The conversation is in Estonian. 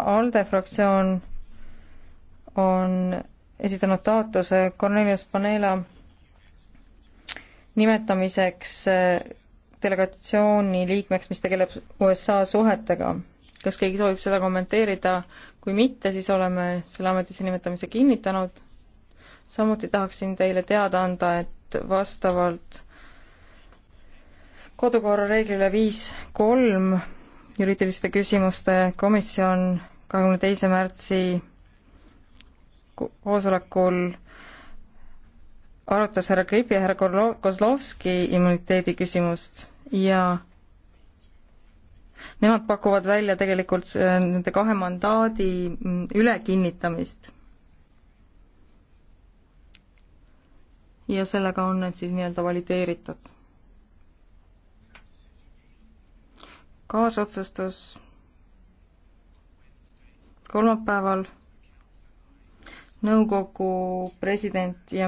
ALDE fraktsioon on esitanud taotluse Cornelius Panela nimetamiseks eh, delegatsiooni liikmeks, mis tegeleb USA suhetega. kas keegi soovib seda kommenteerida? kui mitte, siis oleme selle ametisse nimetamise kinnitanud. samuti tahaksin teile teada anda, et vastavalt kodukorra reeglile viis kolm juriidiliste küsimuste komisjon kahekümne teise märtsi koosolekul arutas härra Gripi ja härra Kozlovski immuniteedi küsimust ja nemad pakuvad välja tegelikult äh, nende kahe mandaadi mm, ülekinnitamist. ja sellega on need siis nii-öelda valideeritud kaasotsustus kolmapäeval nõukogu president ja